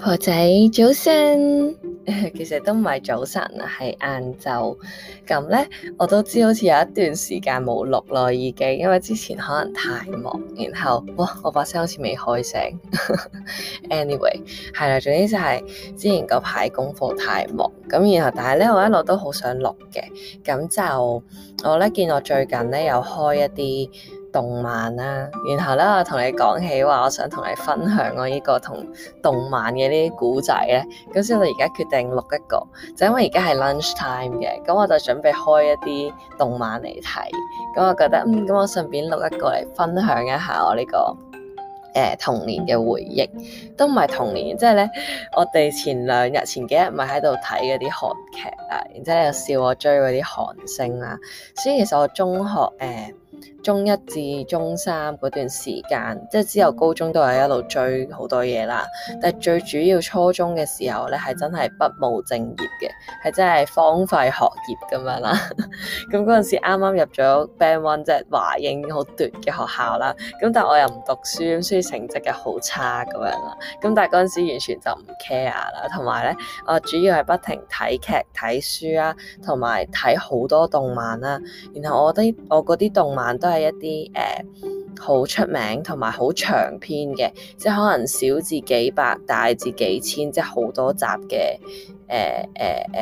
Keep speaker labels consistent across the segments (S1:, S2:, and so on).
S1: 婆仔，早晨。 其實都唔係早晨啊，係晏晝。咁呢，我都知好似有一段時間冇錄咯已經，因為之前可能太忙，然後哇，我把聲好似未開聲。 Anyway，係啦，總之就係之前嗰排功課太忙，咁然後，但係呢，我一路都好想錄嘅，咁就我呢見我最近呢有開一啲。動漫啦、啊，然後咧，我同你講起話，我想同你分享我、啊、呢、這個同動漫嘅呢啲古仔咧。咁所以我而家決定錄一個，就是、因為而家係 lunch time 嘅，咁我就準備開一啲動漫嚟睇。咁我覺得，嗯，咁我順便錄一個嚟分享一下我呢、這個誒、呃、童年嘅回憶。都唔係童年，即係咧，我哋前兩日、前幾日咪喺度睇嗰啲韓劇啊，然之後又笑我追嗰啲韓星啦、啊。所以其實我中學誒。呃中一至中三嗰段時間，即係之後高中都係一路追好多嘢啦。但係最主要初中嘅時候咧，係真係不務正業嘅，係真係荒廢學業咁樣啦。咁嗰陣時啱啱入咗 Band One 啫，華英好奪嘅學校啦。咁但我又唔讀書，所以成績又好差咁樣啦。咁但係嗰陣時完全就唔 care 啦。同埋咧，我主要係不停睇劇睇書啊，同埋睇好多動漫啦、啊。然後我啲我嗰啲動漫都～都係一啲誒，好、uh, 出名同埋好長篇嘅，即係可能小至幾百，大至幾千，即係好多集嘅誒誒誒，uh, uh,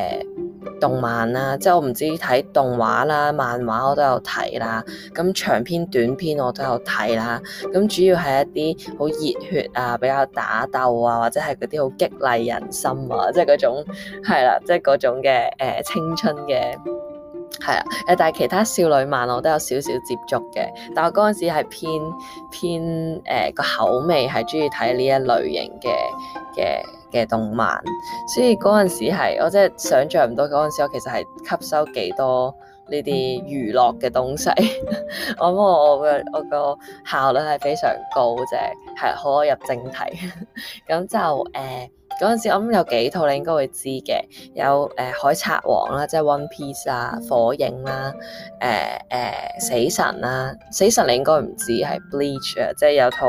S1: uh, 動漫啦，即係我唔知睇動畫啦、漫畫我都有睇啦，咁長篇短篇我都有睇啦，咁主要係一啲好熱血啊，比較打鬥啊，或者係嗰啲好激勵人心啊，即係嗰種係啦、啊，即係嗰種嘅誒、uh, 青春嘅。係啊，誒，但係其他少女漫我都有少少接觸嘅，但係我嗰陣時係偏偏誒、呃、個口味係中意睇呢一類型嘅嘅嘅動漫，所以嗰陣時係我真係想象唔到嗰陣時我其實係吸收幾多呢啲娛樂嘅東西， 我覺得我個我個效率係非常高啫，係可以入正題，咁 就誒。呃嗰陣時，我諗有幾套你應該會知嘅，有誒、呃《海賊王》啦，即係 One Piece 啊，《火影》啦、呃，誒、呃、誒《死神》啦，ach，呃《死神》你應該唔知係 Bleach 啊，即係有套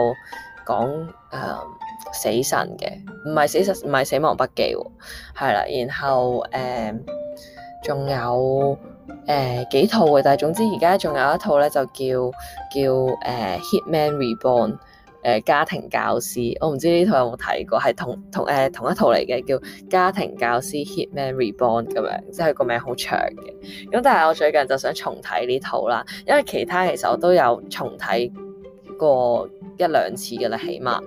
S1: 講誒死神嘅，唔係死神唔係死亡筆記喎，係啦，然後誒仲、呃、有誒、呃、幾套嘅，但係總之而家仲有一套咧就叫叫誒 Hitman Reborn。呃 Hit 誒家庭教師，我唔知呢套有冇睇過，係同同、呃、同一套嚟嘅，叫家庭教師 Hitman Reborn 咁樣，即係個名好長嘅。咁但係我最近就想重睇呢套啦，因為其他其實我都有重睇過一兩次嘅啦，起碼咁、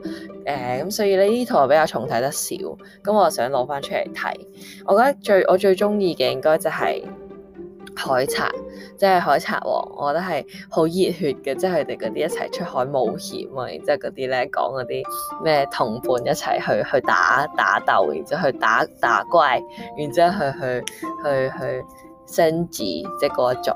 S1: 呃，所以呢呢套比較重睇得少，咁我就想攞返出嚟睇。我覺得最我最中意嘅應該就係、是。海賊，即係海賊王，我覺得係好熱血嘅，即係佢哋嗰啲一齊出海冒險啊，然之後嗰啲咧講嗰啲咩同伴一齊去去打打鬥，然之後去打打怪，然之後去去去去。去去政治即係嗰一種，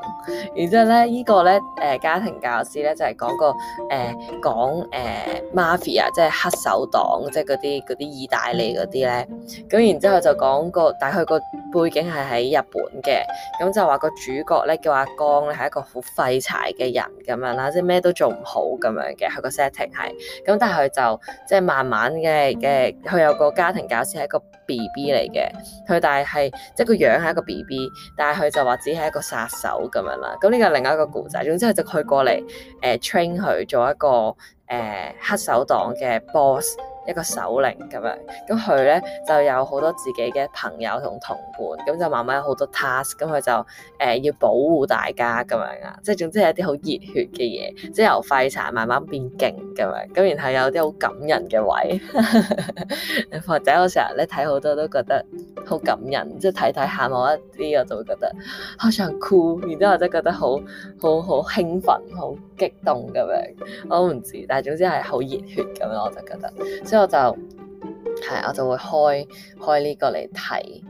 S1: 然之後咧呢個咧誒家庭教師咧就係、是、講個誒、呃、講誒、呃、mafia 即係黑手黨，即係嗰啲嗰啲意大利嗰啲咧，咁然之後就講個，但係佢個背景係喺日本嘅，咁就話個主角咧叫阿江，咧係一個好廢柴嘅人咁樣啦，即係咩都做唔好咁樣嘅，佢個 setting 係，咁但係佢就即係慢慢嘅嘅，佢有個家庭教師係一個。B B 嚟嘅，佢但係係即係個樣係一個 B B，但係佢就話只係一個殺手咁樣啦。咁呢個係另一個故仔。總之佢就佢過嚟誒 train 佢做一個誒、呃、黑手黨嘅 boss。一個首領咁樣，咁佢咧就有好多自己嘅朋友同同伴，咁就慢慢有好多 task，咁佢就誒、呃、要保護大家咁樣啊，即係總之係一啲好熱血嘅嘢，即係由廢柴慢慢變勁咁樣，咁然後有啲好感人嘅位， 或者我成日咧睇好多都覺得好感人，即係睇睇下我一啲我就會覺得好想哭，然之後真覺得好好好興奮、好激動咁樣，我唔知，但係總之係好熱血咁樣，我就覺得。之後就係，我就會開開呢個嚟睇。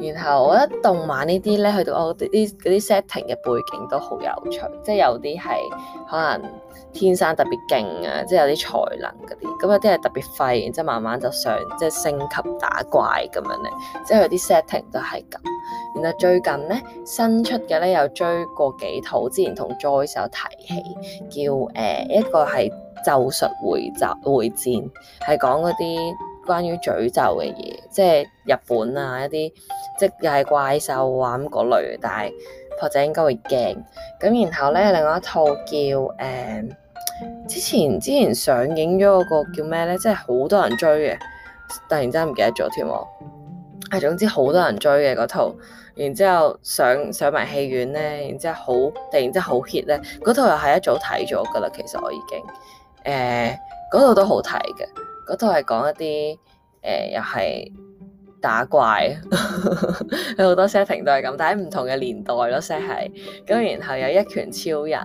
S1: 然後我覺得動漫呢啲咧，去到我啲啲嗰啲 setting 嘅背景都好有趣。即係有啲係可能天生特別勁啊，即係有啲才能嗰啲。咁有啲係特別廢，然之後慢慢就上，即係升級打怪咁樣咧。即係佢啲 setting 都係咁。然後最近咧新出嘅咧，有追過幾套。之前同 Joyce 有提起，叫誒、呃、一個係。咒術回集回戰係講嗰啲關於詛咒嘅嘢，即係日本啊一啲即又係怪獸啊咁嗰類，但係或者應該會驚。咁然後咧，另外一套叫誒、嗯、之前之前上映咗個叫咩咧，即係好多人追嘅，突然之間唔記得咗添喎。係總之好多人追嘅嗰套，然之後上上埋戲院咧，然之後好突然之間好 hit 咧，嗰套又係一早睇咗噶啦，其實我已經。誒嗰度都好睇嘅，嗰度係講一啲誒、呃、又係打怪，有 好多 setting 都係咁，但係唔同嘅年代咯 setting 咁然後有一拳超人。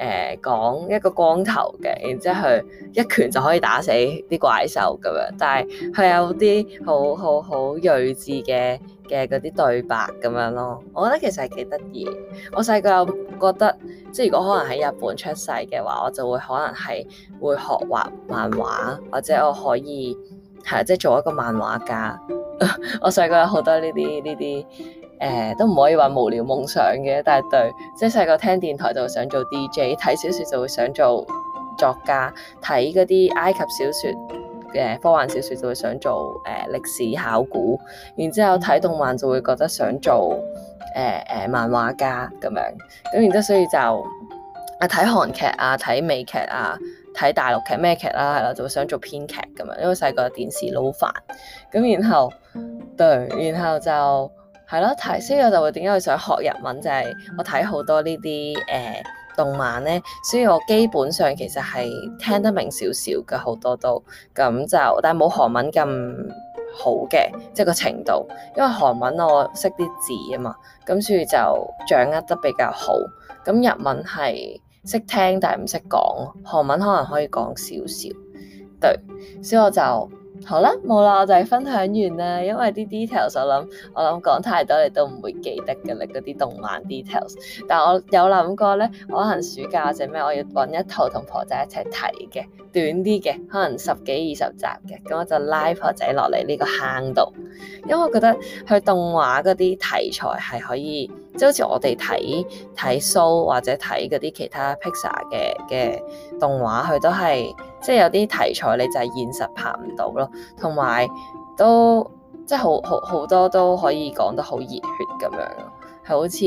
S1: 誒、呃、講一個光頭嘅，然之後佢一拳就可以打死啲怪獸咁樣，但係佢有啲好好好睿智嘅嘅嗰啲對白咁樣咯，我覺得其實係幾得意。我細個又覺得，即係如果可能喺日本出世嘅話，我就會可能係會學畫漫畫，或者我可以係即係做一個漫畫家。 我細個有好多呢啲呢啲。誒、呃、都唔可以話無聊夢想嘅，但係對，即係細個聽電台就會想做 DJ，睇小説就會想做作家，睇嗰啲埃及小説嘅科幻小説就會想做誒、呃、歷史考古，然之後睇動漫就會覺得想做誒誒、呃呃、漫畫家咁樣，咁然之後所以就啊睇韓劇啊，睇美劇啊，睇大陸劇咩劇啦係啦，就會想做編劇咁樣，因為細個電視撈飯咁，然後對，然後就。係咯，所以我就會點解會想學日文，就係我睇好多呢啲誒動漫咧，所以我基本上其實係聽得明少少嘅好多都，咁就但係冇韓文咁好嘅，即係個程度。因為韓文我識啲字啊嘛，咁所以就掌握得比較好。咁日文係識聽，但係唔識講，韓文可能可以講少少，對。所以我就。好啦，冇啦，我就係分享完啦。因為啲 details，我諗我諗講太多，你都唔會記得嘅咧，嗰啲動漫 details。但係我有諗過咧，我可能暑假或者咩，我要揾一套同婆仔一齊睇嘅，短啲嘅，可能十幾二十集嘅，咁我就拉婆仔落嚟呢個坑度。因為我覺得佢動畫嗰啲題材係可以，即係好似我哋睇睇 show 或者睇嗰啲其他 Pixar 嘅嘅動畫，佢都係。即係有啲題材你就係現實拍唔到咯，同埋都即係好好好多都可以講得好熱血咁樣咯，係好似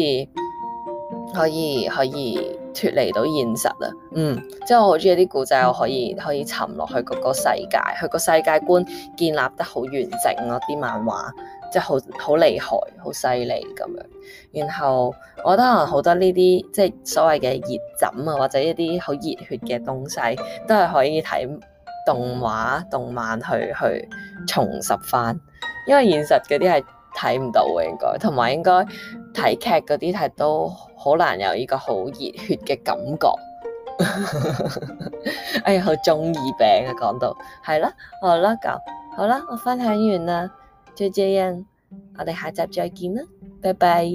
S1: 可以可以脫離到現實啊，嗯，即係我好中意啲古仔，我可以可以沉落去嗰個世界，佢個世界觀建立得好完整咯，啲漫畫。即係好好厲害、好犀利咁樣。然後我覺得好多呢啲即係所謂嘅熱枕啊，或者一啲好熱血嘅東西，都係可以睇動畫、動漫去去重拾翻。因為現實嗰啲係睇唔到嘅，應該同埋應該睇劇嗰啲係都好難有呢個好熱血嘅感覺。 哎呀，好中二病啊！講到係啦，好啦，咁好啦，我分享完啦。就這樣，我哋下集再見啦，拜拜。